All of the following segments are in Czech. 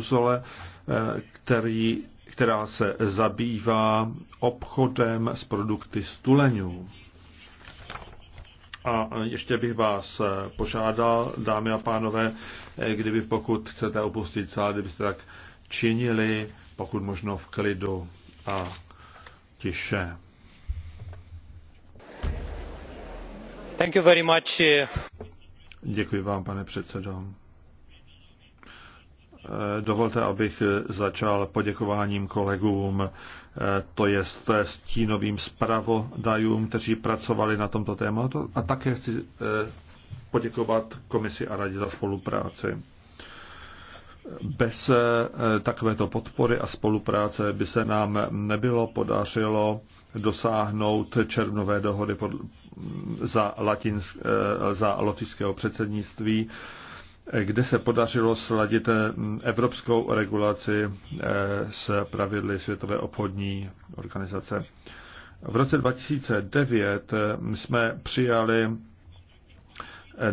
Uzole, eh, který, která se zabývá obchodem s produkty z tuleňů. A ještě bych vás eh, požádal, dámy a pánové, eh, kdyby pokud chcete opustit sál, kdybyste tak činili, pokud možno v klidu a tiše. Thank you very much. Děkuji vám, pane předsedo. Eh, dovolte, abych eh, začal poděkováním kolegům, eh, to je stínovým zpravodajům, kteří pracovali na tomto tématu a také chci poděkovat komisi a radě za spolupráci. Bez takovéto podpory a spolupráce by se nám nebylo podařilo dosáhnout červnové dohody pod, za, latinsk, za lotyšského předsednictví, kde se podařilo sladit eh, evropskou regulaci eh, s pravidly Světové obchodní organizace. V roce 2009 eh, jsme přijali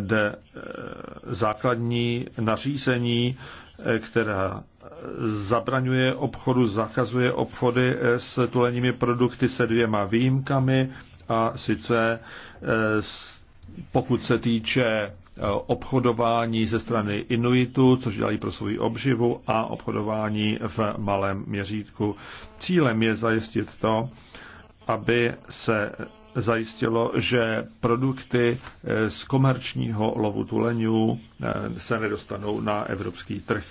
de, základní nařízení, která zabraňuje obchodu, zakazuje obchody s tuleními produkty se dvěma výjimkami a sice pokud se týče Eh, obchodování ze strany Inuitu, což dělají pro svou obživu, a obchodování v malém měřítku. Cílem je zajistit to, aby se zajistilo, že produkty eh, z komerčního lovu tuleňů eh, se nedostanou na evropský trh.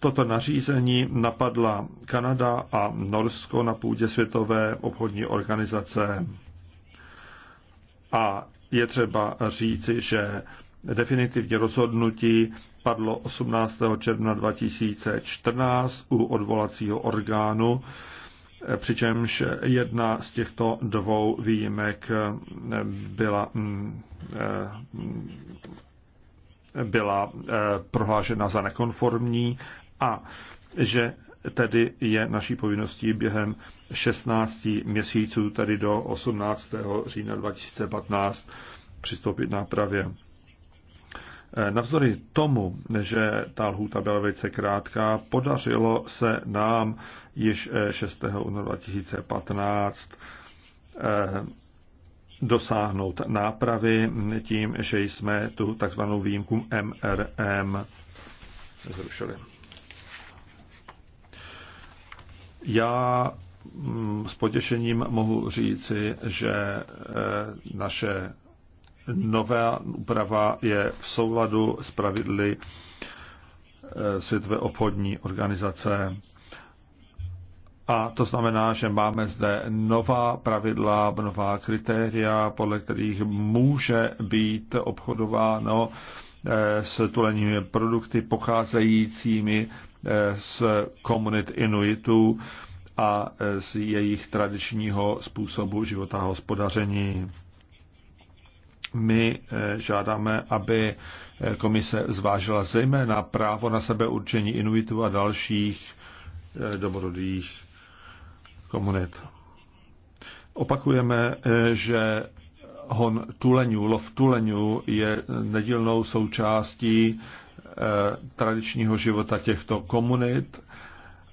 Toto nařízení napadla Kanada a Norsko na půdě Světové obchodní organizace. A je třeba říci, že definitivně rozhodnutí padlo 18. června 2014 u odvolacího orgánu, přičemž jedna z těchto dvou výjimek byla, mm, eh, byla eh, prohlášena za nekonformní a že tedy je naší povinností během 16 měsíců, tedy do 18. října 2015, přistoupit pravě. Eh, navzdory tomu, že ta lhůta byla velice krátká, podařilo se nám již 6. Eh, února 2015 eh, dosáhnout nápravy tím, že jsme tu takzvanou výjimku MRM zrušili. Já mm, s potěšením mohu říci, že e, naše nová úprava je v souladu s pravidly e, Světové obchodní organizace. A to znamená, že máme zde nová pravidla, nová kritéria, podle kterých může být obchodováno Eh, s tuleními produkty pocházejícími eh, z komunit Inuitů a eh, z jejich tradičního způsobu života a hospodaření. My žádáme, aby komise zvážila zejména právo na určení Inuitů a dalších domorodých komunit. Opakujeme, že hon tuleňů, lov tuleňů je nedílnou součástí eh, tradičního života těchto komunit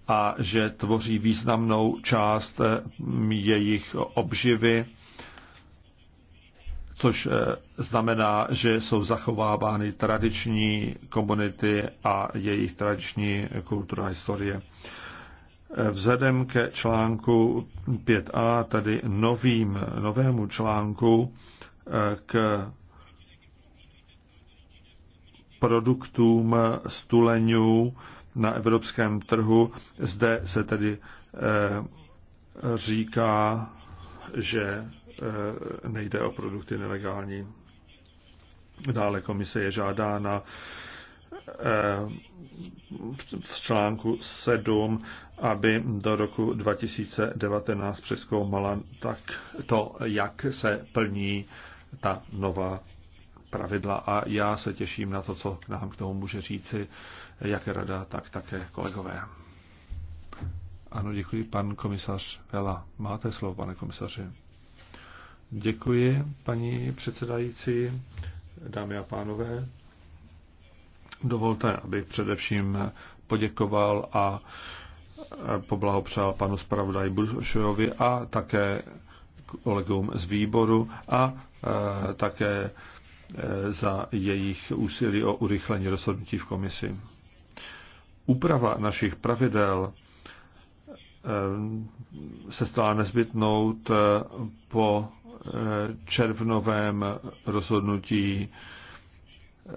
a že tvoří významnou část eh, jejich obživy, což eh, znamená, že jsou zachovávány tradiční komunity a jejich tradiční kulturní historie. Vzhledem ke článku 5a, tedy novým, novému článku eh, k produktům stuleňů na evropském trhu, zde se tedy eh, říká, že eh, nejde o produkty nelegální. Dále komise je žádána Eh, v článku 7, aby do roku 2019 přeskoumala tak to, jak se plní ta nová pravidla a já se těším na to, co nám k tomu může říci jak rada, tak také kolegové. Ano, děkuji. Pan komisař Vela, máte slovo, pane komisaři. Děkuji, paní předsedající, dámy a pánové. Dovolte, abych především poděkoval a poblahopřál panu zpravodaji Bušovi a také kolegům z výboru a e, také e, za jejich úsilí o urychlení rozhodnutí v komisi. Úprava našich pravidel e, se stala nezbytnou po červnovém rozhodnutí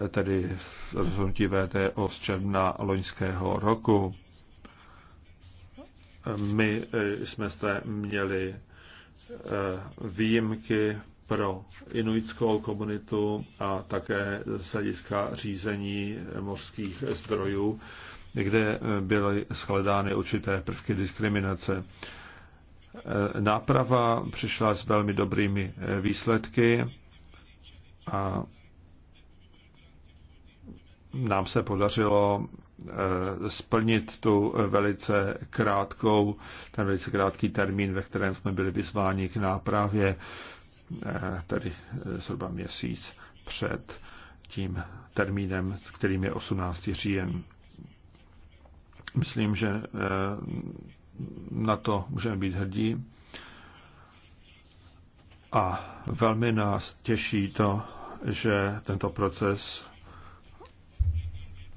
tedy rozhodnutí VTO z června loňského roku. My eh, jsme zde měli eh, výjimky pro inuitskou komunitu a také z hlediska řízení mořských zdrojů, kde byly shledány určité prvky diskriminace. Eh, náprava přišla s velmi dobrými výsledky a nám se podařilo eh, splnit tu velice krátkou, ten velice krátký termín, ve kterém jsme byli vyzváni k nápravě, eh, tedy eh, zhruba měsíc před tím termínem, kterým je 18. říjen. Myslím, že na to můžeme být hrdí. A velmi nás těší to, že tento proces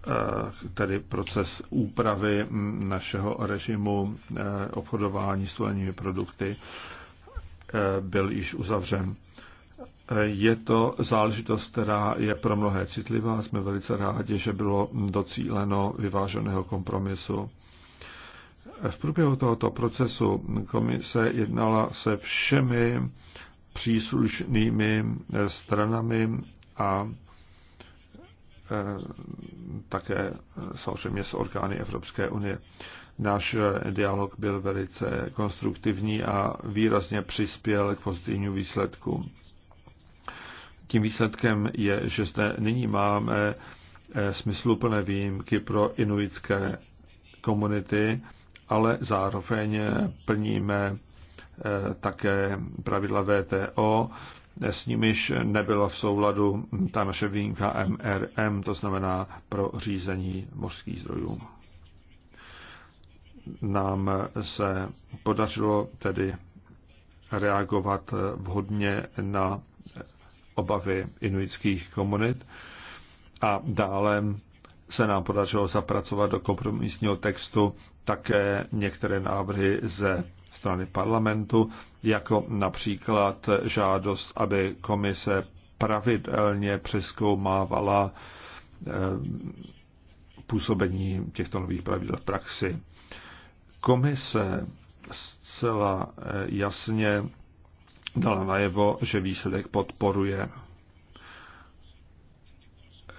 Eh, tedy proces úpravy našeho režimu eh, obchodování s tulenými produkty eh, byl již uzavřen. Je to záležitost, která je pro mnohé citlivá. Jsme velice rádi, že bylo docíleno vyváženého kompromisu. V průběhu tohoto procesu komise jednala se všemi příslušnými stranami a Eh, také eh, samozřejmě s orgány Evropské unie. Náš eh, dialog byl velice konstruktivní a výrazně přispěl k pozitivnímu výsledku. Tím výsledkem je, že zde nyní máme smysluplné výjimky pro inuitské komunity, ale zároveň plníme také pravidla VTO, s nimiž nebyla v souladu ta naše výjimka MRM, to znamená pro řízení mořských zdrojů. Nám se podařilo tedy reagovat vhodně na obavy inuitských komunit a dále se nám podařilo zapracovat do kompromisního textu také některé návrhy ze strany parlamentu, jako například žádost, aby komise pravidelně přeskoumávala eh, působení těchto nových pravidel v praxi. Komise zcela eh, jasně dala najevo, že výsledek podporuje.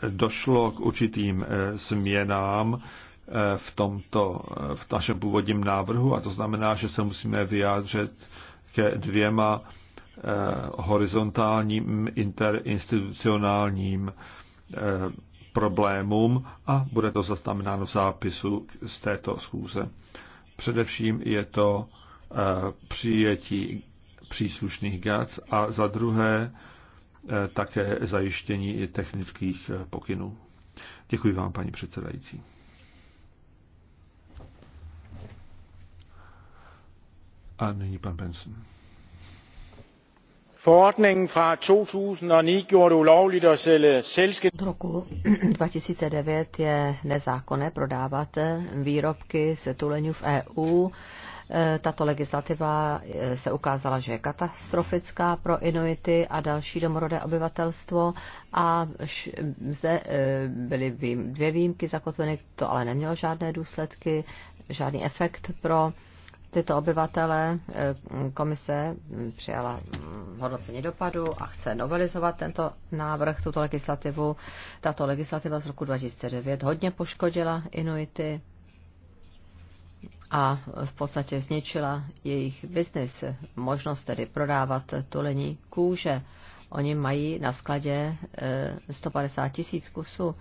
Došlo k určitým eh, změnám Eh, v tomto, eh, v našem původním návrhu a to znamená, že se musíme vyjádřit ke dvěma eh, horizontálním interinstitucionálním problémům a bude to zaznamenáno v zápisu z této schůze. Především je to přijetí příslušných GAC a za druhé také zajištění technických pokynů. Děkuji vám, paní předsedající. A nyní pan Benson. Forordningen fra 2009 gjorde ulovligt at sælge selskab... Od roku 2009 je nezákonné prodávat eh, výrobky z tuleňů v EU. Eh, tato legislativa eh, se ukázala, že je katastrofická pro Inuity a další domorodé obyvatelstvo a zde byly dvě výjimky zakotveny, to ale nemělo žádné důsledky, žádný efekt pro tyto obyvatele. Eh, komise přijala hodnocení dopadu a chce novelizovat tento návrh, tuto legislativu. Tato legislativa z roku 2009 hodně poškodila Inuity a v podstatě zničila jejich biznis, možnost tedy prodávat tulení kůže. Oni mají na skladě 150 eh, tisíc kusů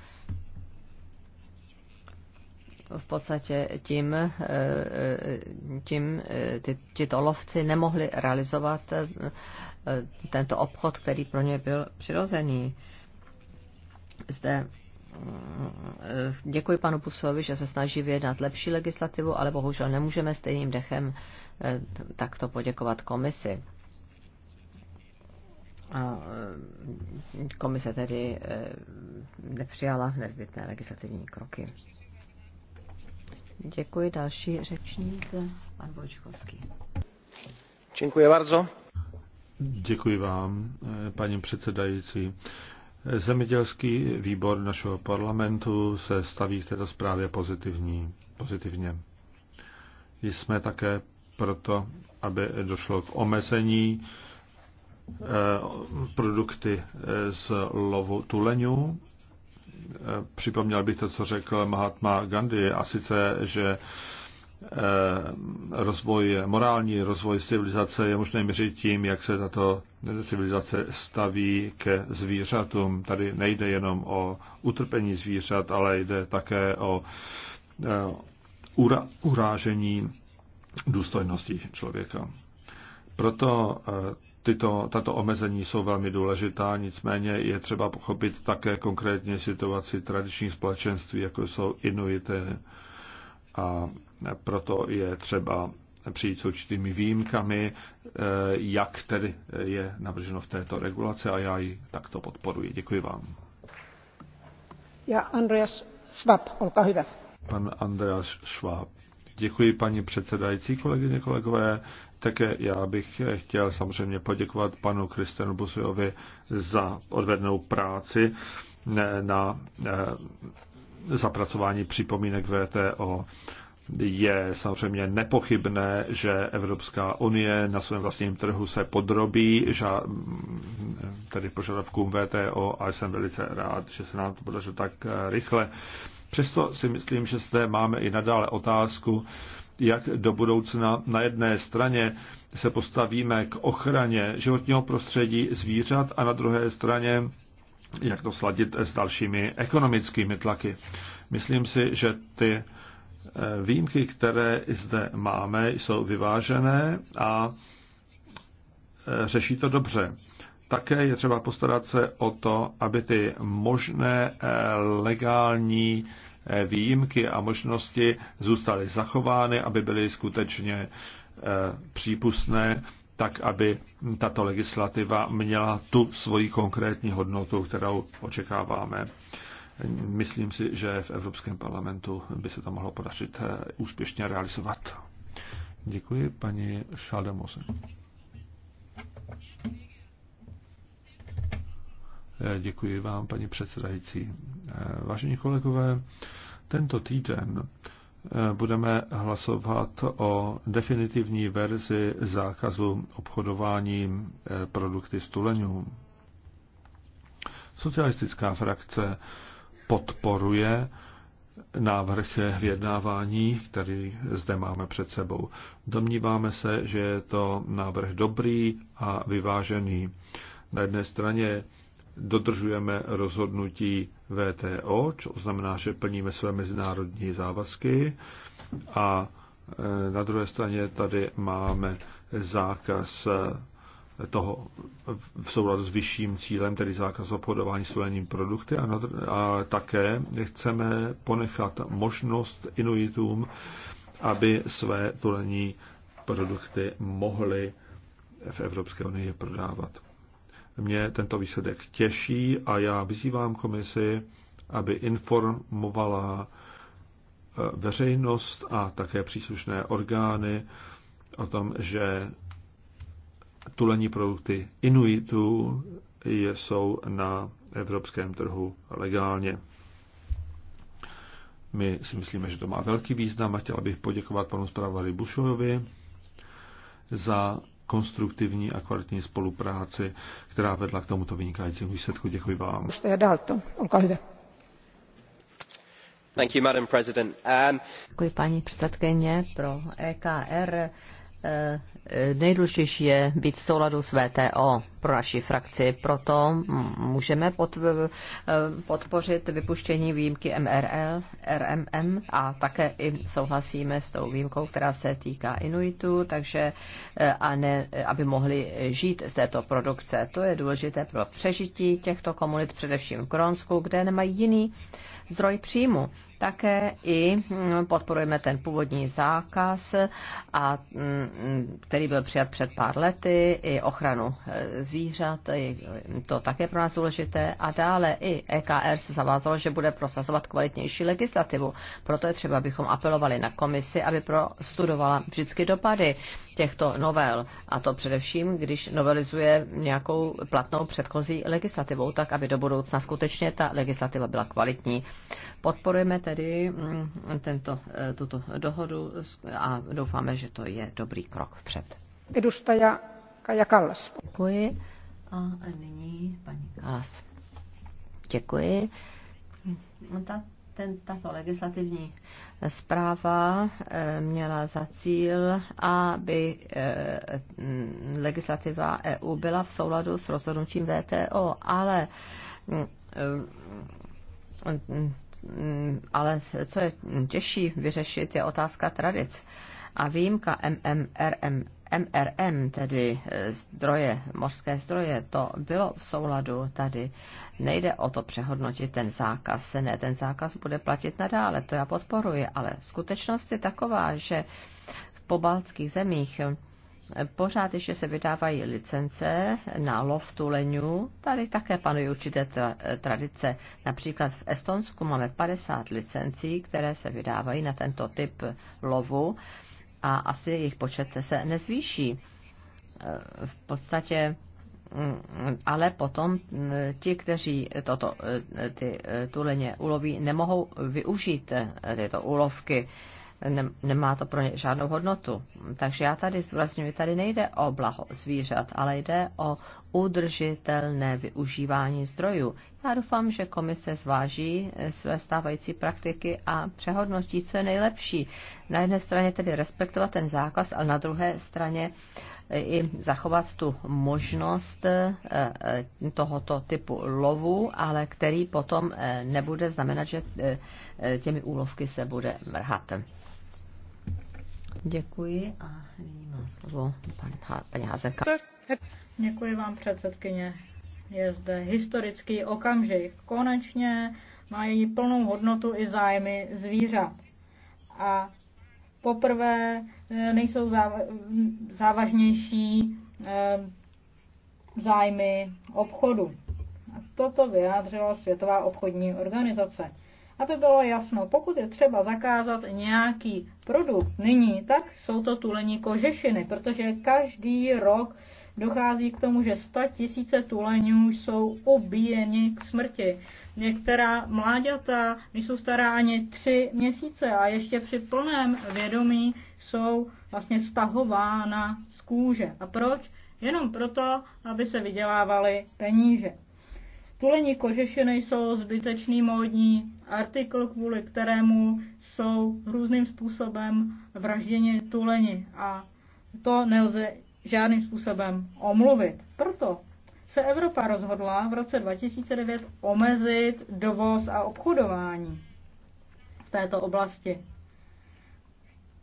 v podstatě tím, eh, eh, tím eh, ty, tito lovci nemohli realizovat tento obchod, který pro ně byl přirozený. Zde děkuji panu Pusovi, že se snaží vyjednat lepší legislativu, ale bohužel nemůžeme stejným dechem takto poděkovat komisi. A komise tedy nepřijala nezbytné legislativní kroky. Děkuji. Další řečník, pan Vojčkovský. Děkuji bardzo. Děkuji vám, paní předsedající. Zemědělský výbor našeho parlamentu se staví k této zprávě pozitivní, pozitivně. Jsme také proto, aby došlo k omezení eh, produkty z lovu tuleňů připomněl bych to, co řekl Mahatma Gandhi, a sice, že eh, rozvoj, morální rozvoj civilizace je možné měřit tím, jak se tato civilizace staví ke zvířatům. Tady nejde jenom o utrpení zvířat, ale jde také o eh, urážení důstojnosti člověka. Proto eh, Tyto, tato omezení jsou velmi důležitá, nicméně je třeba pochopit také konkrétně situaci tradičních společenství, jako jsou Inuité. A proto je třeba přijít s určitými výjimkami, eh, jak tedy je navrženo v této regulaci a já ji takto podporuji. Děkuji vám. Já Andreas Schwab, Olka hyvä. Pan Andreas Schwab. Děkuji paní předsedající, kolegyně, kolegové. Také já bych chtěl samozřejmě poděkovat panu Kristenu Busovi za odvednou práci na eh, zapracování připomínek VTO je samozřejmě nepochybné, že Evropská unie na svém vlastním trhu se podrobí ža, tedy požadavkům VTO a jsem velice rád, že se nám to podařilo tak eh, rychle. Přesto si myslím, že zde máme i nadále otázku, jak do budoucna na jedné straně se postavíme k ochraně životního prostředí zvířat a na druhé straně jak to sladit s dalšími ekonomickými tlaky. Myslím si, že ty eh, výjimky, které zde máme, jsou vyvážené a eh, řeší to dobře. Také je třeba postarat se o to, aby ty možné eh, legální eh, výjimky a možnosti zůstaly zachovány, aby byly skutečně eh, přípustné, tak aby tato legislativa měla tu svoji konkrétní hodnotu, kterou očekáváme. Myslím si, že v Evropském parlamentu by se to mohlo podařit úspěšně realizovat. Děkuji, paní Šaldemose. Děkuji vám, paní předsedající. Vážení kolegové, tento týden budeme hlasovat o definitivní verzi zákazu obchodování produkty z tuleňů. Socialistická frakce podporuje návrh vyjednávání, který zde máme před sebou. Domníváme se, že je to návrh dobrý a vyvážený. Na jedné straně dodržujeme rozhodnutí VTO, co znamená, že plníme své mezinárodní závazky a e, na druhé straně tady máme zákaz e, toho v souladu s vyšším cílem, tedy zákaz obchodování s vojeným produkty a, a také chceme ponechat možnost Inuitům, aby své tulení produkty mohly v Evropské unii prodávat. Mě tento výsledek těší a já vyzývám komisi, aby informovala eh, veřejnost a také příslušné orgány o tom, že tulení produkty Inuitů jsou na evropském trhu legálně. My si myslíme, že to má velký význam a chtěla bych poděkovat panu zpravodaji Bušovi za konstruktivní a kvalitní spolupráci, která vedla k tomuto vynikajícímu výsledku. Děkuji vám. Um, Děkuji paní předsedkyně pro EKR Eh, nejdůležitější je být v souladu s VTO pro naši frakci. Proto můžeme eh, podpořit vypuštění výjimky MRL, RMM a také i souhlasíme s tou výjimkou, která se týká Inuitů, takže eh, a ne, aby mohli žít z této produkce. To je důležité pro přežití těchto komunit, především v Kronsku, kde nemají jiný zdroj příjmu. Také i hm, podporujeme ten původní zákaz, a, hm, který byl přijat před pár lety, i ochranu e, zvířat, to také pro nás důležité. A dále i EKR se zavázalo, že bude prosazovat kvalitnější legislativu. Proto je třeba, abychom apelovali na komisi, aby prostudovala vždycky dopady těchto novel. A to především, když novelizuje nějakou platnou předchozí legislativou, tak aby do budoucna skutečně ta legislativa byla kvalitní. Podporujeme tedy mm, tento, eh, tuto dohodu a doufáme, že to je dobrý krok vpřed. Edustaja Kaja Kallas. Děkuji. A nyní paní Kallas. Děkuji. No ta, ten, tato legislativní zpráva eh, měla za cíl, aby eh, mm, legislativa EU byla v souladu s rozhodnutím VTO, ale mm, Mm, ale co je těžší vyřešit, je otázka tradic. A výjimka MMRM, MRM, tedy eh, zdroje, mořské zdroje, to bylo v souladu tady. Nejde o to přehodnotit ten zákaz. Ne, ten zákaz bude platit nadále, to já podporuji, ale skutečnost je taková, že v pobaltských zemích pořád ještě se vydávají licence na lov tuleňů. Tady také panují určité tra- tradice. Například v Estonsku máme 50 licencí, které se vydávají na tento typ lovu a asi jejich počet se nezvýší. Eh, v podstatě mm, ale potom mm, ti, kteří toto, eh, ty eh, tuleně uloví, nemohou využít tyto ulovky nemá to pro ně žádnou hodnotu. Takže já tady zdůrazňuji, tady nejde o blaho zvířat, ale jde o udržitelné využívání zdrojů. Já doufám, že komise zváží své stávající praktiky a přehodnotí, co je nejlepší. Na jedné straně tedy respektovat ten zákaz, ale na druhé straně eh, i zachovat tu možnost eh, tohoto typu lovu, ale který potom eh, nebude znamenat, že těmi úlovky se bude mrhat. Děkuji a nyní má slovo pan, paní Házenka. Děkuji vám, předsedkyně. Je zde historický okamžik. Konečně mají plnou hodnotu i zájmy zvířat. A poprvé e, nejsou závažnější e, zájmy obchodu. A toto vyjádřila Světová obchodní organizace. Aby bylo jasno, pokud je třeba zakázat nějaký produkt nyní, tak jsou to tulení kožešiny, protože každý rok dochází k tomu, že 100 tisíce tuleňů jsou ubíjeni k smrti. Některá mláďata nejsou stará ani tři měsíce a ještě při plném vědomí jsou vlastně stahována z kůže. A proč? Jenom proto, aby se vydělávaly peníze. Kulení kožešiny jsou zbytečný módní artikl, kvůli kterému jsou různým způsobem vražděni tuleni a to nelze žádným způsobem omluvit. Proto se Evropa rozhodla v roce 2009 omezit dovoz a obchodování v této oblasti.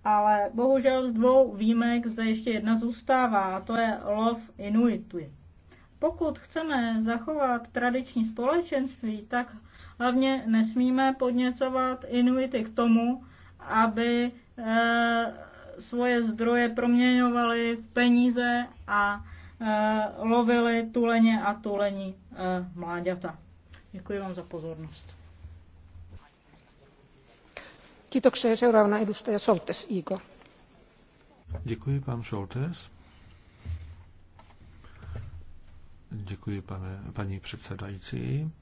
Ale bohužel z dvou výjimek zde ještě jedna zůstává, a to je lov Inuitů. Pokud chceme zachovat tradiční společenství, tak hlavně nesmíme podněcovat Inuity k tomu, aby eh, svoje zdroje proměňovali v peníze a eh, lovili tuleně a tulení eh, mláďata. Děkuji vám za pozornost. Kiitoksia. Seuraavana edustaja Soltes, Igor. Děkuji, pan Soltes. Děkuji, pane, paní předsedající.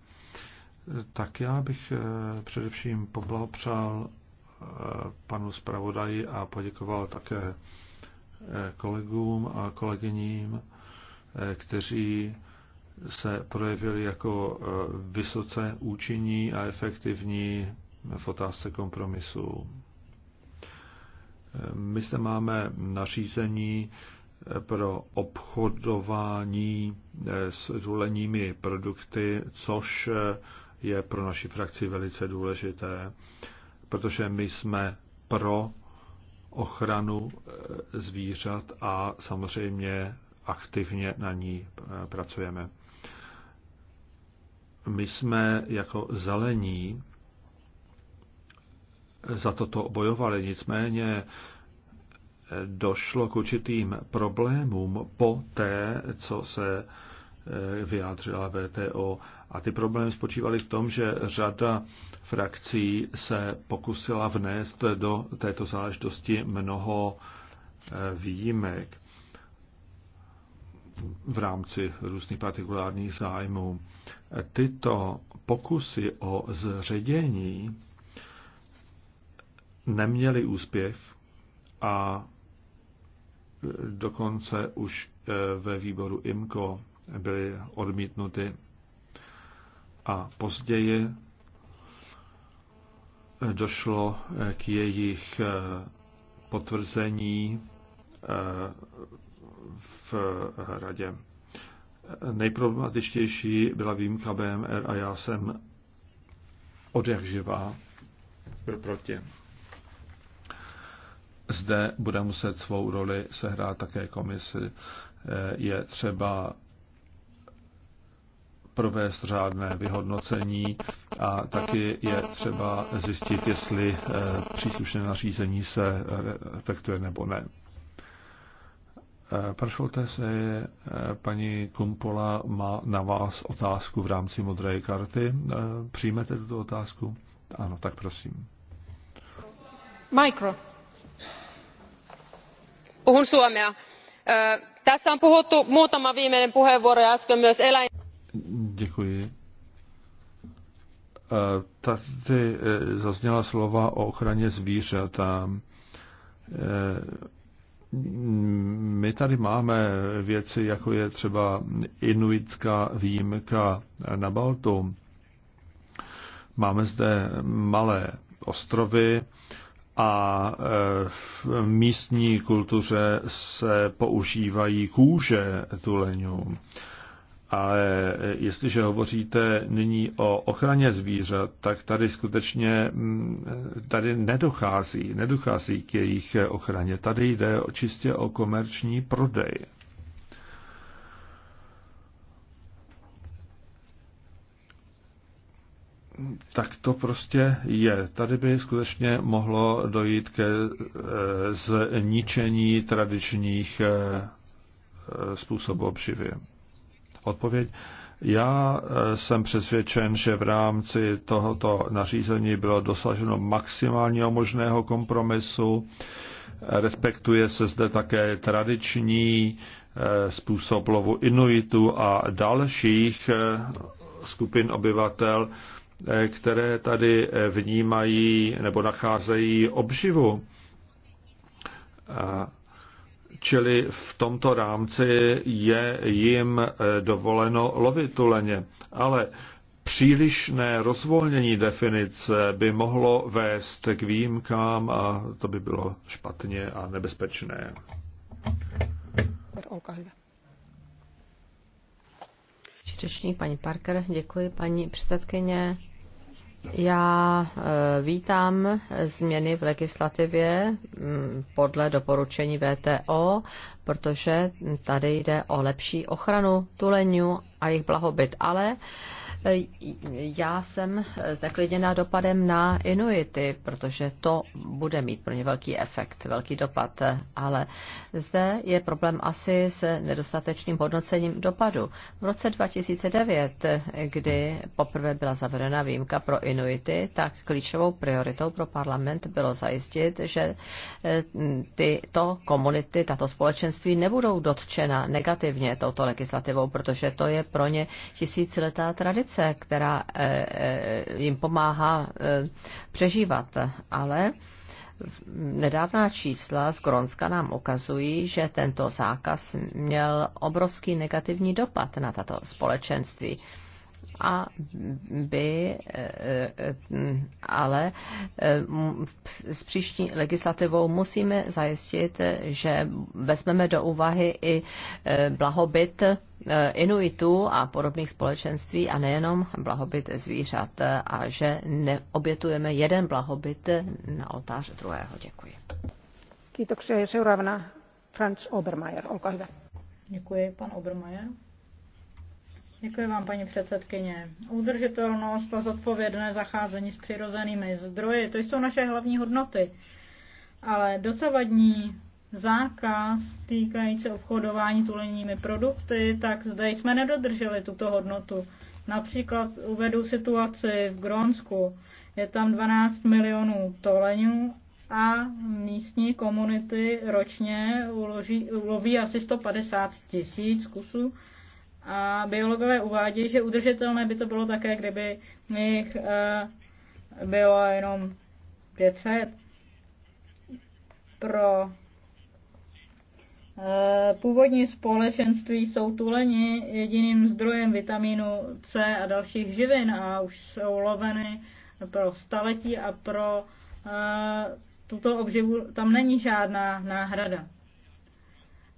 Tak já bych eh, především poblahopřál eh, panu zpravodaji a poděkoval také eh, kolegům a kolegyním, kteří se projevili jako vysoce účinní a efektivní v otázce kompromisu. My se máme nařízení pro obchodování eh, s důlenými produkty, což eh, je pro naši frakci velice důležité, protože my jsme pro ochranu eh, zvířat a samozřejmě aktivně na ní pracujeme. My jsme jako zelení za toto bojovali, nicméně došlo k určitým problémům po té, co se eh, vyjádřila VTO. A ty problémy spočívaly v tom, že řada frakcí se pokusila vnést do této záležitosti mnoho eh, výjimek v rámci různých partikulárních zájmů. Tyto pokusy o zředění neměly úspěch a dokonce už eh, ve výboru IMCO byly odmítnuty a později eh, došlo eh, k jejich potvrzení v radě. Nejproblematičtější byla výjimka BMR a já jsem od živá byl proti zde bude muset svou roli sehrát také komisi. Eh, je třeba provést řádné vyhodnocení a taky je třeba zjistit, jestli eh, příslušné nařízení se respektuje nebo ne. Eh, Prošlte se, paní Kumpola má na vás otázku v rámci modré karty. Přijmete tuto otázku? Ano, tak prosím. Micro puhun suomea. Tässä on puhuttu muutama viimeinen puheenvuoro ja äsken myös eläin... Tady zazněla slova o ochraně zvířat a my tady máme věci, jako je třeba inuitská výjimka na Baltu. Máme zde malé ostrovy, a e, v místní kultuře se používají kůže tuleňů. Ale jestliže hovoříte nyní o ochraně zvířat, tak tady skutečně mm, tady nedochází, nedochází k jejich ochraně. Tady jde čistě o komerční prodej. tak to prostě je. Tady by skutečně mohlo dojít ke eh, zničení tradičních eh, způsobů obživy. Odpověď. Já eh, jsem přesvědčen, že v rámci tohoto nařízení bylo dosaženo maximálního možného kompromisu. Respektuje se zde také tradiční způsob lovu Inuitu a dalších skupin obyvatel, které tady vnímají nebo nacházejí obživu. Čili v tomto rámci je jim dovoleno lovit tuleně. Ale přílišné rozvolnění definice by mohlo vést k výjimkám a to by bylo špatně a nebezpečné. Olkaa Řečník paní Parker, děkuji paní předsedkyně. Já eh, vítám změny v legislativě mm, podle doporučení VTO, protože tady jde o lepší ochranu tuleňů a jejich blahobyt, ale já jsem zneklidněna dopadem na Inuity, protože to bude mít pro ně velký efekt, velký dopad, ale zde je problém asi s nedostatečným hodnocením dopadu. V roce 2009, kdy poprvé byla zavedena výjimka pro Inuity, tak klíčovou prioritou pro parlament bylo zajistit, že eh, tyto komunity, tato společenství nebudou dotčena negativně touto legislativou, protože to je pro ně tisíciletá tradice tradice, která eh, eh, jim pomáhá eh, přežívat. Ale nedávná čísla z Gronska nám ukazují, že tento zákaz měl obrovský negativní dopad na tato společenství a by e, e, ale e, s příští legislativou musíme zajistit, že vezmeme do úvahy i blahobyt Inuitů a podobných společenství a nejenom blahobyt zvířat a že neobětujeme jeden blahobyt na oltář druhého. Děkuji. Kiitoksia. Franz Obermeier, olkaa hyvä. Děkuji, pan Obermeier. Děkuji vám, paní předsedkyně. Udržitelnost a zodpovědné zacházení s přirozenými zdroji, to jsou naše hlavní hodnoty. Ale dosavadní zákaz týkající obchodování tuleními produkty, tak zde jsme nedodrželi tuto hodnotu. Například uvedu situaci v Grónsku. Je tam 12 milionů toleňů a místní komunity ročně uloží, uloví asi 150 tisíc kusů a biologové uvádí, že udržitelné by to bylo také, kdyby jich eh, bylo jenom 500. Pro eh, původní společenství jsou tuleni jediným zdrojem vitamínu C a dalších živin a už jsou loveny pro staletí a pro eh, tuto obživu tam není žádná náhrada.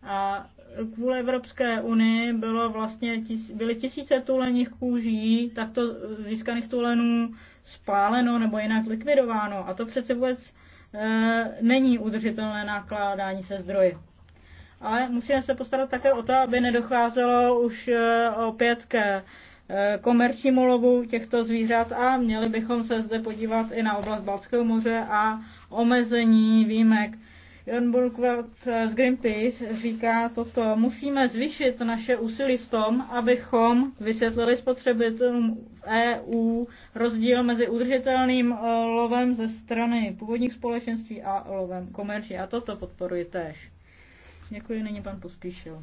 A kvůli Evropské unii bylo vlastně tis, byly tisíce tuleních kůží, takto získaných tulenů spáleno nebo jinak likvidováno. A to přece vůbec e, není udržitelné nakládání se zdroji. Ale musíme se postarat také o to, aby nedocházelo už e, opět ke e, komerčnímu lovu těchto zvířat a měli bychom se zde podívat i na oblast Balského moře a omezení výjimek Jan Burkveld z Greenpeace říká toto. Musíme zvýšit naše úsilí v tom, abychom vysvětlili spotřebitelům EU rozdíl mezi udržitelným lovem ze strany původních společenství a lovem komerční. A toto podporuji tež. Děkuji, nyní pan Pospíšil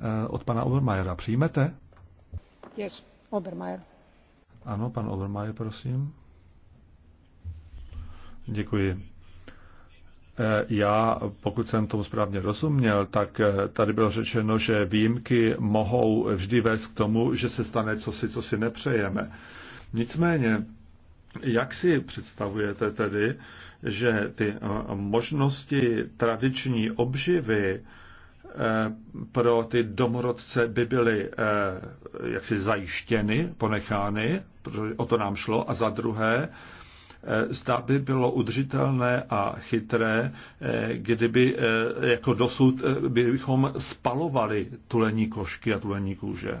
Eh, od pana Obermajera. Přijmete? Yes, Obermajer. Ano, pan Obermajer, prosím. Děkuji. Eh, já, pokud jsem tomu správně rozuměl, tak eh, tady bylo řečeno, že výjimky mohou vždy vést k tomu, že se stane cosi, co si nepřejeme. Nicméně, jak si představujete tedy, že ty možnosti tradiční obživy Eh, pro ty domorodce by byly eh, jaksi zajištěny, ponechány, protože o to nám šlo, a za druhé, eh, zda by bylo udržitelné a chytré, kdyby jako dosud bychom spalovali tulení košky a tulení kůže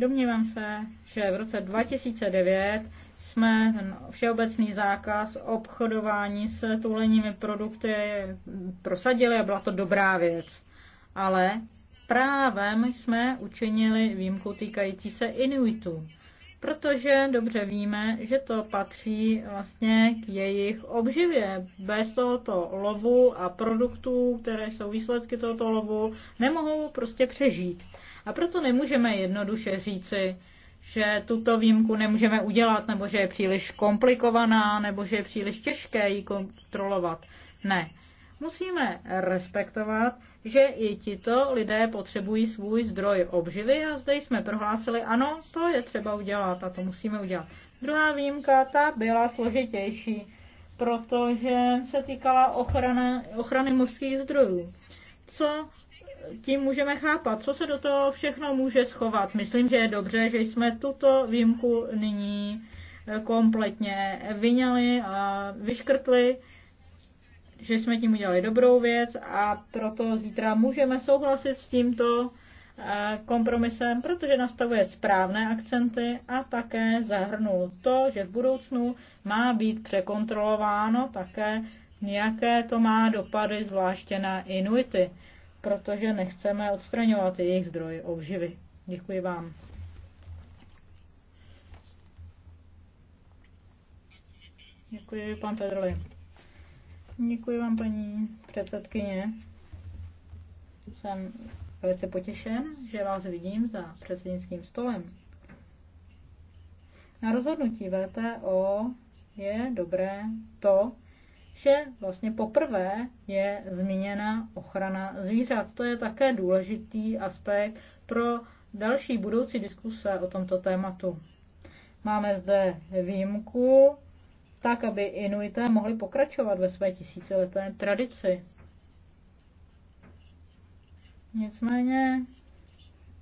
Domnívám se, že v roce 2009 jsme ten všeobecný zákaz obchodování s tuleními produkty prosadili a byla to dobrá věc. Ale právem jsme učinili výjimku týkající se Inuitů, protože dobře víme, že to patří vlastně k jejich obživě. Bez tohoto lovu a produktů, které jsou výsledky tohoto lovu, nemohou prostě přežít. A proto nemůžeme jednoduše říci, že tuto výjimku nemůžeme udělat, nebo že je příliš komplikovaná, nebo že je příliš těžké ji kontrolovat. Ne. Musíme respektovat, že i tito lidé potřebují svůj zdroj obživy a zde jsme prohlásili, ano, to je třeba udělat a to musíme udělat. Druhá výjimka, ta byla složitější, protože se týkala ochrany, ochrany mořských zdrojů co tím můžeme chápat, co se do toho všechno může schovat. Myslím, že je dobře, že jsme tuto výjimku nyní eh, kompletně vyňali a vyškrtli, že jsme tím udělali dobrou věc a proto zítra můžeme souhlasit s tímto eh, kompromisem, protože nastavuje správné akcenty a také zahrnul to, že v budoucnu má být překontrolováno také Nějaké to má dopady zvláště na Inuity, protože nechceme odstraňovat jejich zdroj obživy. Děkuji vám. Děkuji, pan Pedroli. Děkuji vám, paní předsedkyně. Jsem velice potěšen, že vás vidím za předsednickým stolem. Na rozhodnutí VTO je dobré to, že vlastně poprvé je zmíněna ochrana zvířat. To je také důležitý aspekt pro další budoucí diskuse o tomto tématu. Máme zde výjimku, tak aby Inuité mohli pokračovat ve své tisícileté tradici. Nicméně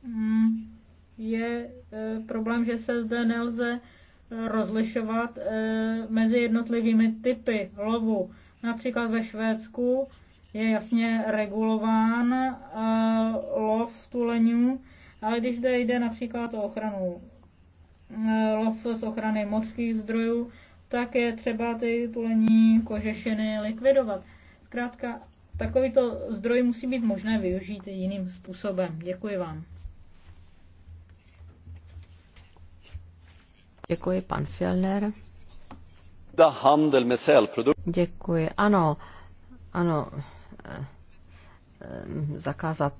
mm, je e, problém, že se zde nelze rozlišovat eh, mezi jednotlivými typy lovu. Například ve Švédsku je jasně regulován eh, lov tuleňů, ale když jde, jde například o ochranu eh, lov z ochrany mořských zdrojů, tak je třeba ty tulení kožešiny likvidovat. Zkrátka, takovýto zdroj musí být možné využít jiným způsobem. Děkuji vám. Děkuji, pan Filner. Děkuji, ano, ano, eh, zakázat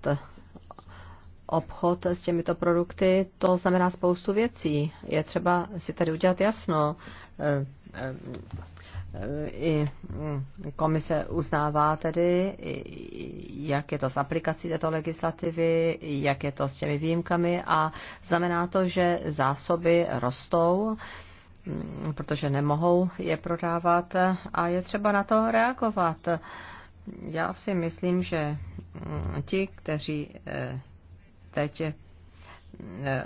obchod s těmito produkty, to znamená spoustu věcí. Je třeba si tady udělat jasno, eh, eh, i mm, komise uznává tedy, jak je to s aplikací této legislativy, jak je to s těmi výjimkami a znamená to, že zásoby rostou mm, protože nemohou je prodávat a je třeba na to reagovat. Já si myslím, že mm, ti, kteří eh, teď Eh,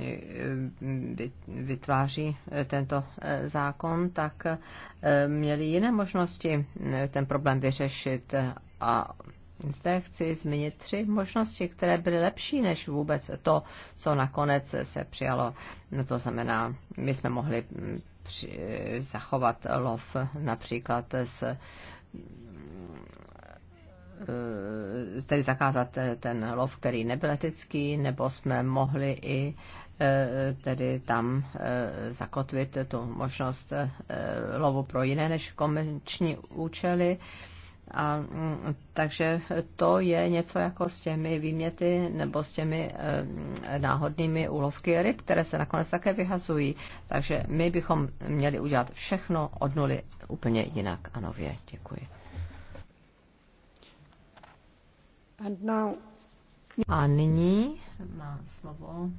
eh, eh, vytváří tento zákon, tak měli jiné možnosti ten problém vyřešit. A zde chci zmínit tři možnosti, které byly lepší než vůbec to, co nakonec se přijalo. No, to znamená, my jsme mohli mm, při, zachovat lov například s Eh, tedy zakázat eh, ten lov, který nebyl etický, nebo jsme mohli i eh, tedy tam zakotvit tu možnost lovu pro jiné než komerční účely. A, mm, takže to je něco jako s těmi výměty nebo s těmi e, náhodnými úlovky ryb, které se nakonec také vyhazují. Takže my bychom měli udělat všechno od nuly úplně jinak a nově. Děkuji. A nyní má slovo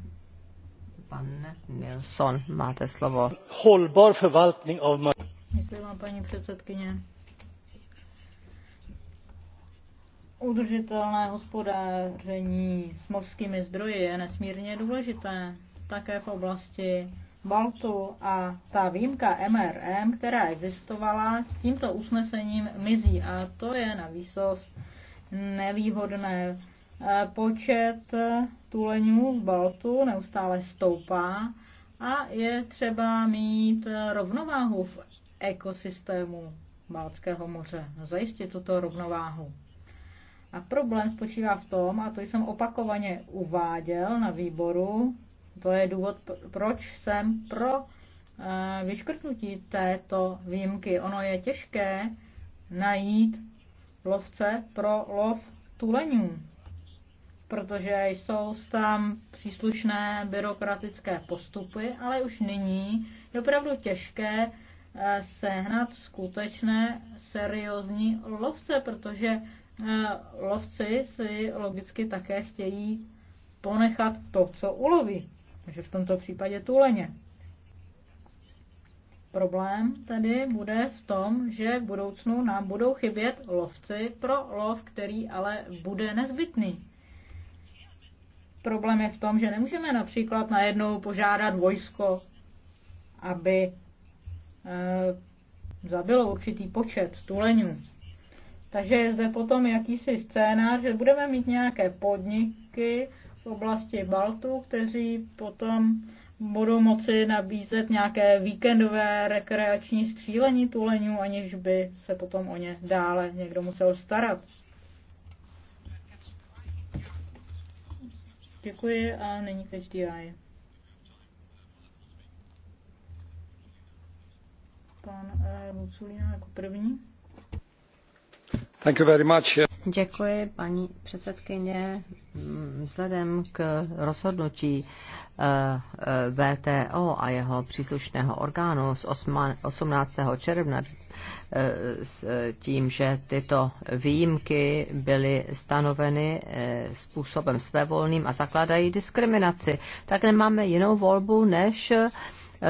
pan Nilsson. Máte slovo. Holbar Děkuji vám, paní předsedkyně. Udržitelné hospodáření s mořskými zdroji je nesmírně důležité také v oblasti Baltu a ta výjimka MRM, která existovala, tímto usnesením mizí a to je na výsost nevýhodné. E, počet tuleňů v Baltu neustále stoupá a je třeba mít rovnováhu v ekosystému Baltského moře. Zajistit tuto rovnováhu. A problém spočívá v tom, a to jsem opakovaně uváděl na výboru, to je důvod, proč jsem pro e, vyškrtnutí této výjimky. Ono je těžké najít lovce pro lov tuleňů, protože jsou tam příslušné byrokratické postupy, ale už nyní je opravdu těžké eh, sehnat skutečné seriózní lovce, protože eh, lovci si logicky také chtějí ponechat to, co uloví. Takže v tomto případě tuleně. Problém tedy bude v tom, že v budoucnu nám budou chybět lovci pro lov, který ale bude nezbytný. Problém je v tom, že nemůžeme například najednou požádat vojsko, aby e, zabilo určitý počet tuleňů. Takže je zde potom jakýsi scénář, že budeme mít nějaké podniky v oblasti Baltu, kteří potom budou moci nabízet nějaké víkendové rekreační střílení tuleňů, aniž by se potom o ně dále někdo musel starat. Děkuji a není každý aj. Pan eh, Luculina jako první. Thank you very much. Děkuji, paní předsedkyně. Vzhledem k rozhodnutí Eh, eh, VTO a jeho příslušného orgánu z 18. června eh, s tím, že tyto výjimky byly stanoveny způsobem svévolným a zakládají diskriminaci, tak nemáme jinou volbu, než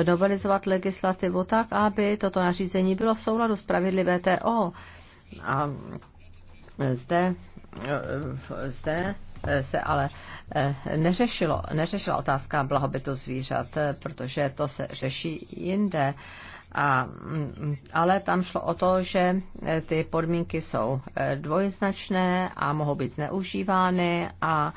novelizovat legislativu tak, aby toto nařízení bylo v souladu s pravidly VTO. A zde, zde se ale Eh, neřešilo, neřešila otázka blahobytu zvířat, eh, protože to se řeší jinde. A, mm, ale tam šlo o to, že eh, ty podmínky jsou dvojznačné a mohou být zneužívány a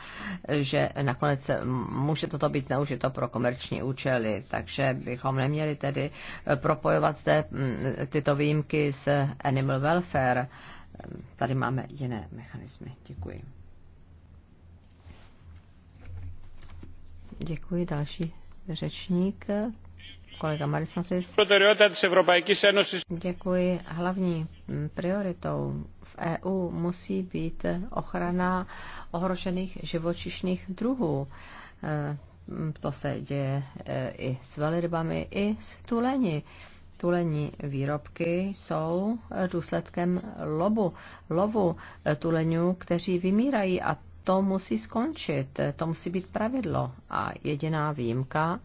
že nakonec může toto být zneužito pro komerční účely. Takže bychom neměli tedy propojovat zde mm, tyto výjimky s animal welfare. Ehm, tady máme jiné mechanismy. Děkuji. Děkuji. Další řečník. Kolega Marisnotis. Děkuji. Hlavní prioritou v EU musí být ochrana ohrožených živočišných druhů. E, to se děje e, i s velrybami, i s tuleni tulení výrobky jsou e, důsledkem lobu, lovu tuleňů, kteří vymírají a to musí skončit, to musí být pravidlo. A jediná výjimka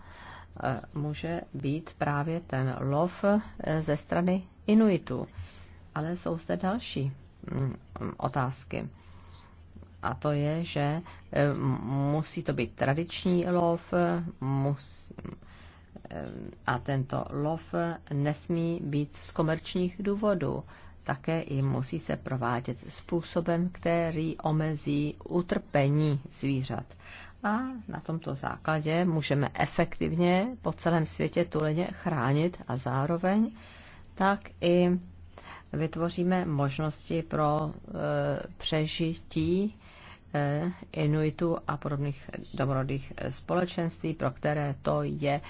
eh, může být právě ten lov eh, ze strany Inuitů. Ale jsou zde další mm, otázky. A to je, že eh, musí to být tradiční lov, mus, a tento lov nesmí být z komerčních důvodů také i musí se provádět způsobem, který omezí utrpení zvířat. A na tomto základě můžeme efektivně po celém světě tuleně chránit a zároveň tak i vytvoříme možnosti pro e, přežití Eh, Inuitů a podobných domorodých společenství, pro které to je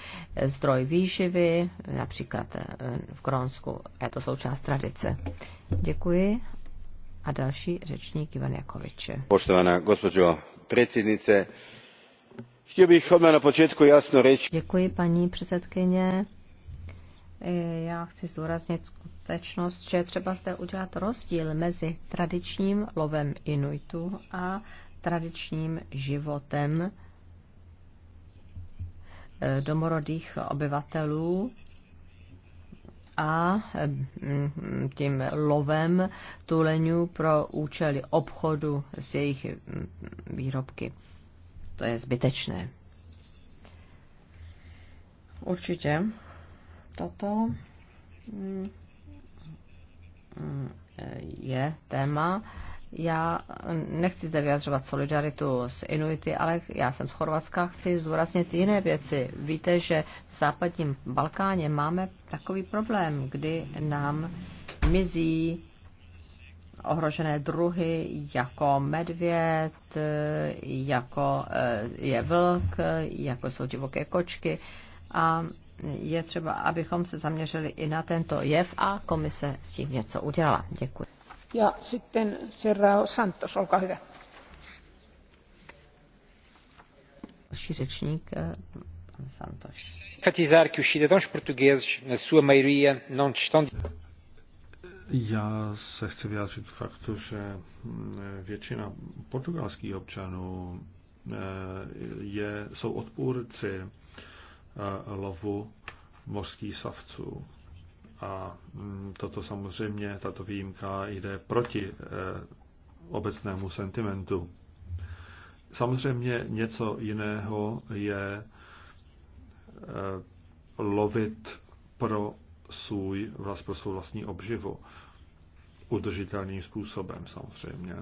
zdroj výživy, například eh, v Kronsku. Je to součást tradice. Děkuji. A další řečník Ivan Jakovič. Poštovaná gospođo predsjednice, chtěl bych odmah na počátku jasno řeči. Děkuji paní předsedkyně. E, já chci zdůraznit skutečnost, že třeba zde udělat rozdíl mezi tradičním lovem Inuitu a tradičním životem e, domorodých obyvatelů a mm, tím lovem tuleňů pro účely obchodu s jejich mm, výrobky. To je zbytečné. Určitě Toto mm, mm, je téma. Já nechci zde vyjadřovat solidaritu s Inuity, ale já jsem z Chorvatska, chci zdůraznit jiné věci. Víte, že v západním Balkáně máme takový problém, kdy nám mizí ohrožené druhy jako medvěd, jako eh, je vlk, jako jsou divoké kočky a je třeba, abychom se zaměřili i na tento jev a komise s tím něco udělala. Děkuji. Ja sitten Serrao Santos, olkaa hyvä. Další řečník, eh, pan Santos. Enfatizar que os cidadãos na sua maioria, non estão... Já se chci vyjádřit k faktu, že mm, většina portugalských občanů eh, je, jsou odpůrci Eh, lovu mořských savců. A mm, toto samozřejmě, tato výjimka jde proti eh, obecnému sentimentu. Samozřejmě něco jiného je eh, lovit pro svůj, pro svou vlastní obživu. Udržitelným způsobem samozřejmě.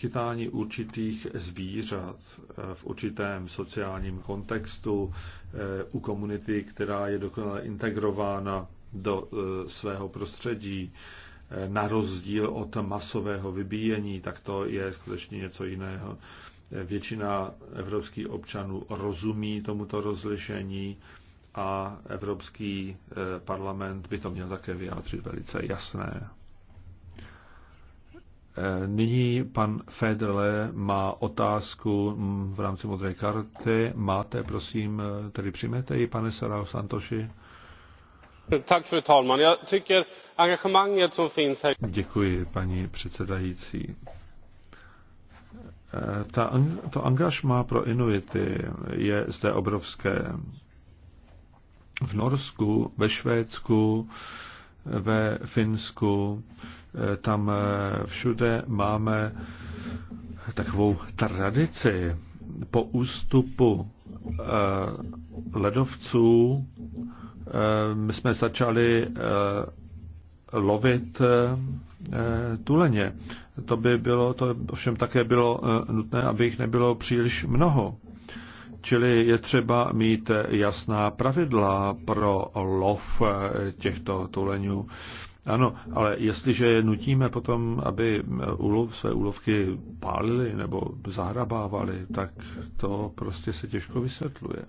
chytání určitých zvířat eh, v určitém sociálním kontextu eh, u komunity, která je dokonale integrována do eh, svého prostředí, na rozdíl od masového vybíjení, tak to je skutečně něco jiného. Většina evropských občanů rozumí tomuto rozlišení a Evropský parlament by to měl také vyjádřit velice jasné. Nyní pan Fedele má otázku mm, v rámci modré karty. Máte, prosím, tedy přijmete ji, pane Sarao Santoši? Tak, fru talman. Já tycker engagemanget som finns här... Děkuji, paní předsedající. Ta, to angažma pro Inuity je zde obrovské. V Norsku, ve Švédsku, ve Finsku. Eh, tam eh, všude máme takovou tradici po ústupu eh, ledovců. My jsme začali lovit tuleně. To by bylo, to ovšem také bylo nutné, aby jich nebylo příliš mnoho. Čili je třeba mít jasná pravidla pro lov těchto tuleňů. Ano, ale jestliže je nutíme potom, aby ulov, své úlovky pálili nebo zahrabávali, tak to prostě se těžko vysvětluje.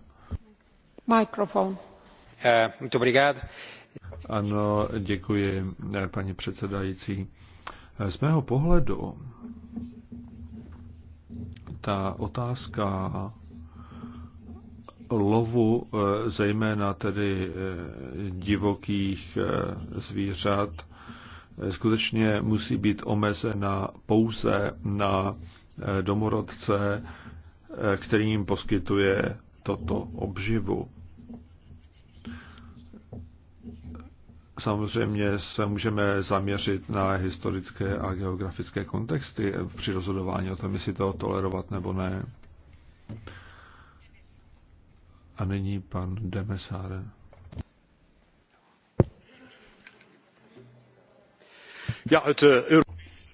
Mikrofon. Eh, ano, děkuji, paní předsedající. Z mého pohledu ta otázka lovu eh, zejména tedy eh, divokých eh, zvířat skutečně musí být omezena pouze na domorodce, který jim poskytuje toto obživu. Samozřejmě se můžeme zaměřit na historické a geografické kontexty při rozhodování o tom, jestli to tolerovat nebo ne. A nyní pan Demesáre. Ja, eh, to...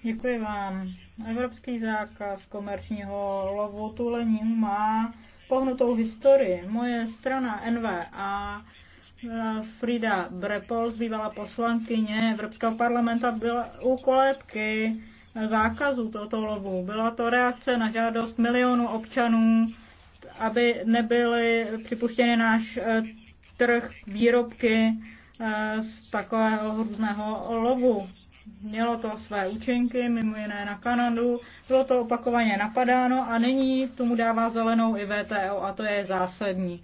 Děkuji vám. Evropský zákaz komerčního lovu tulení má pohnutou historii. Moje strana NVA eh, Frida Brepol, bývalá poslankyně Evropského parlamenta, byla u kolébky zákazu tohoto lovu. Byla to reakce na žádost milionů občanů aby nebyly připuštěny náš eh, trh výrobky eh, z takového různého lovu. Mělo to své účinky, mimo jiné na Kanadu, bylo to opakovaně napadáno a nyní tomu dává zelenou i VTO a to je zásadní.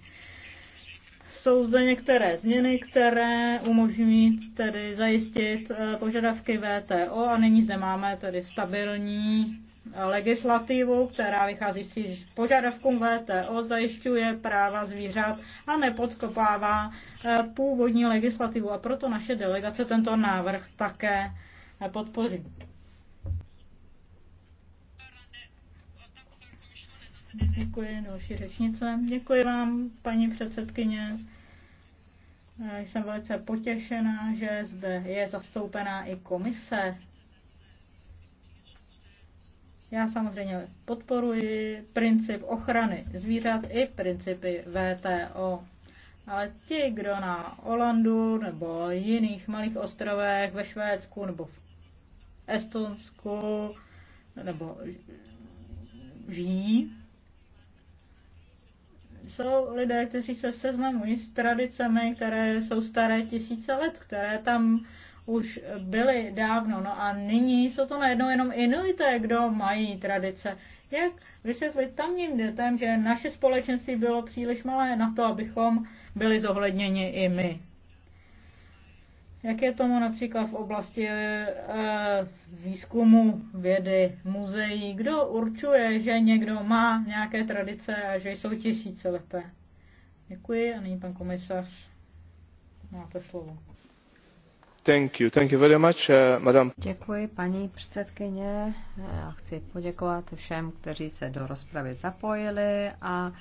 Jsou zde některé změny, které umožní tedy zajistit eh, požadavky VTO a nyní zde máme tedy stabilní legislativu, která vychází z požadavků VTO, zajišťuje práva zvířat a nepodkopává eh, původní legislativu a proto naše delegace tento návrh také eh, podpoří. Děkuji další řečnice. Děkuji vám, paní předsedkyně. Jsem velice potěšená, že zde je zastoupená i komise já samozřejmě podporuji princip ochrany zvířat i principy VTO. Ale ti, kdo na Olandu nebo jiných malých ostrovech ve Švédsku nebo v Estonsku nebo žijí, jsou lidé, kteří se seznamují s tradicemi, které jsou staré tisíce let, které tam už byly dávno. No a nyní jsou to najednou jenom inuité, kdo mají tradice. Jak vysvětlit tamním dětem, že naše společenství bylo příliš malé na to, abychom byli zohledněni i my? Jak je tomu například v oblasti e, výzkumu, vědy, muzeí? Kdo určuje, že někdo má nějaké tradice a že jsou tisíce leté? Děkuji a nyní pan komisař. Máte slovo. Eh, děkuji, paní předsedkyně. Já chci poděkovat všem, kteří se do rozpravy zapojili a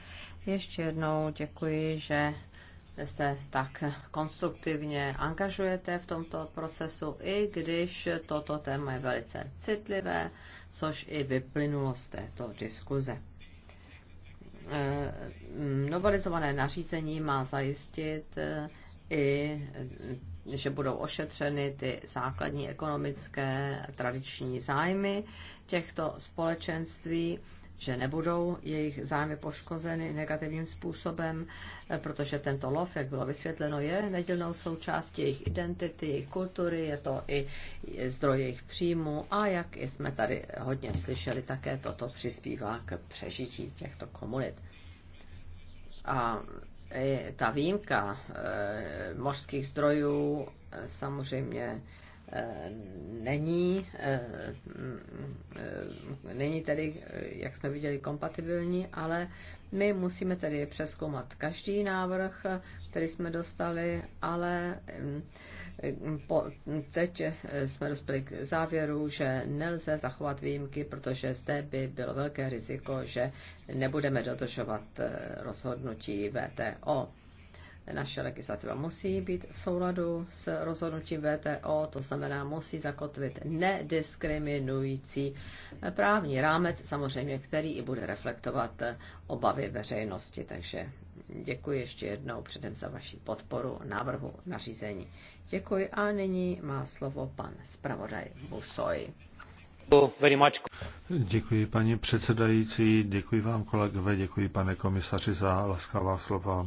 ještě jednou děkuji, že jste tak konstruktivně angažujete v tomto procesu, i když toto téma je velice citlivé, což i vyplynulo z této diskuze. Eh, novelizované nařízení má zajistit eh, i e, že budou ošetřeny ty základní ekonomické tradiční zájmy těchto společenství, že nebudou jejich zájmy poškozeny negativním způsobem, e, protože tento lov, jak bylo vysvětleno, je nedělnou součástí jejich identity, jejich kultury, je to i zdroj jejich příjmu a jak jsme tady hodně slyšeli, také toto přispívá k přežití těchto komunit. A ta výjimka eh, mořských zdrojů eh, samozřejmě eh, není, mm, není tedy, jak jsme viděli, kompatibilní, ale my musíme tedy přeskoumat každý návrh, který jsme dostali, ale mm, po, teď jsme dospěli k závěru, že nelze zachovat výjimky, protože zde by bylo velké riziko, že nebudeme dodržovat rozhodnutí VTO. Naše legislativa musí být v souladu s rozhodnutím VTO, to znamená musí zakotvit nediskriminující právní rámec, samozřejmě, který i bude reflektovat obavy veřejnosti. Takže děkuji ještě jednou předem za vaši podporu návrhu nařízení. Děkuji a nyní má slovo pan zpravodaj Busoj. Děkuji paní předsedající, děkuji vám kolegové, děkuji pane komisaři za laskavá slova.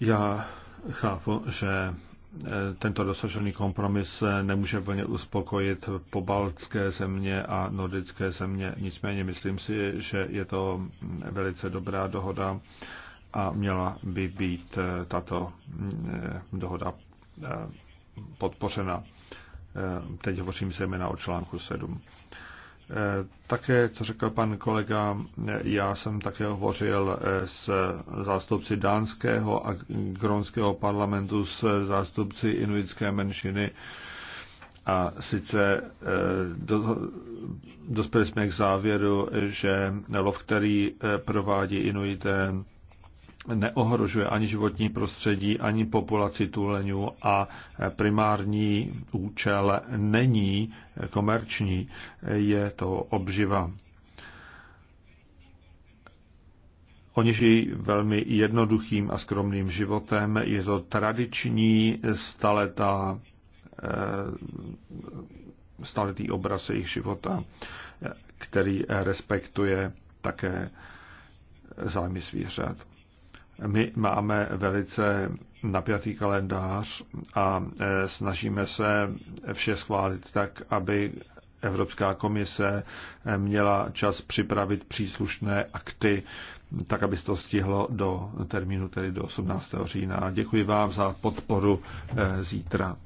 Já chápu, že eh, tento dosažený kompromis eh, nemůže plně uspokojit pobaltské země a nordické země. Nicméně myslím si, že je to mm, velice dobrá dohoda a měla by být eh, tato mm, dohoda podpořena. Teď hovořím zejména o článku 7. Eh, také, co řekl pan kolega, eh, já jsem také hovořil eh, s zástupci dánského a gronského parlamentu, s zástupci inuitské menšiny a sice do, dospěli jsme k závěru, že lov, který provádí Inuité, neohrožuje ani životní prostředí, ani populaci tuleňů a primární účel není komerční, je to obživa. Oni žijí velmi jednoduchým a skromným životem. Je to tradiční staletá, eh, staletý obraz jejich života, který respektuje také zájmy zvířat. My máme velice napjatý kalendář a e, snažíme se vše schválit tak, aby Evropská komise e, měla čas připravit příslušné akty, tak aby se to stihlo do termínu, tedy do 18. října. Děkuji vám za podporu e, zítra.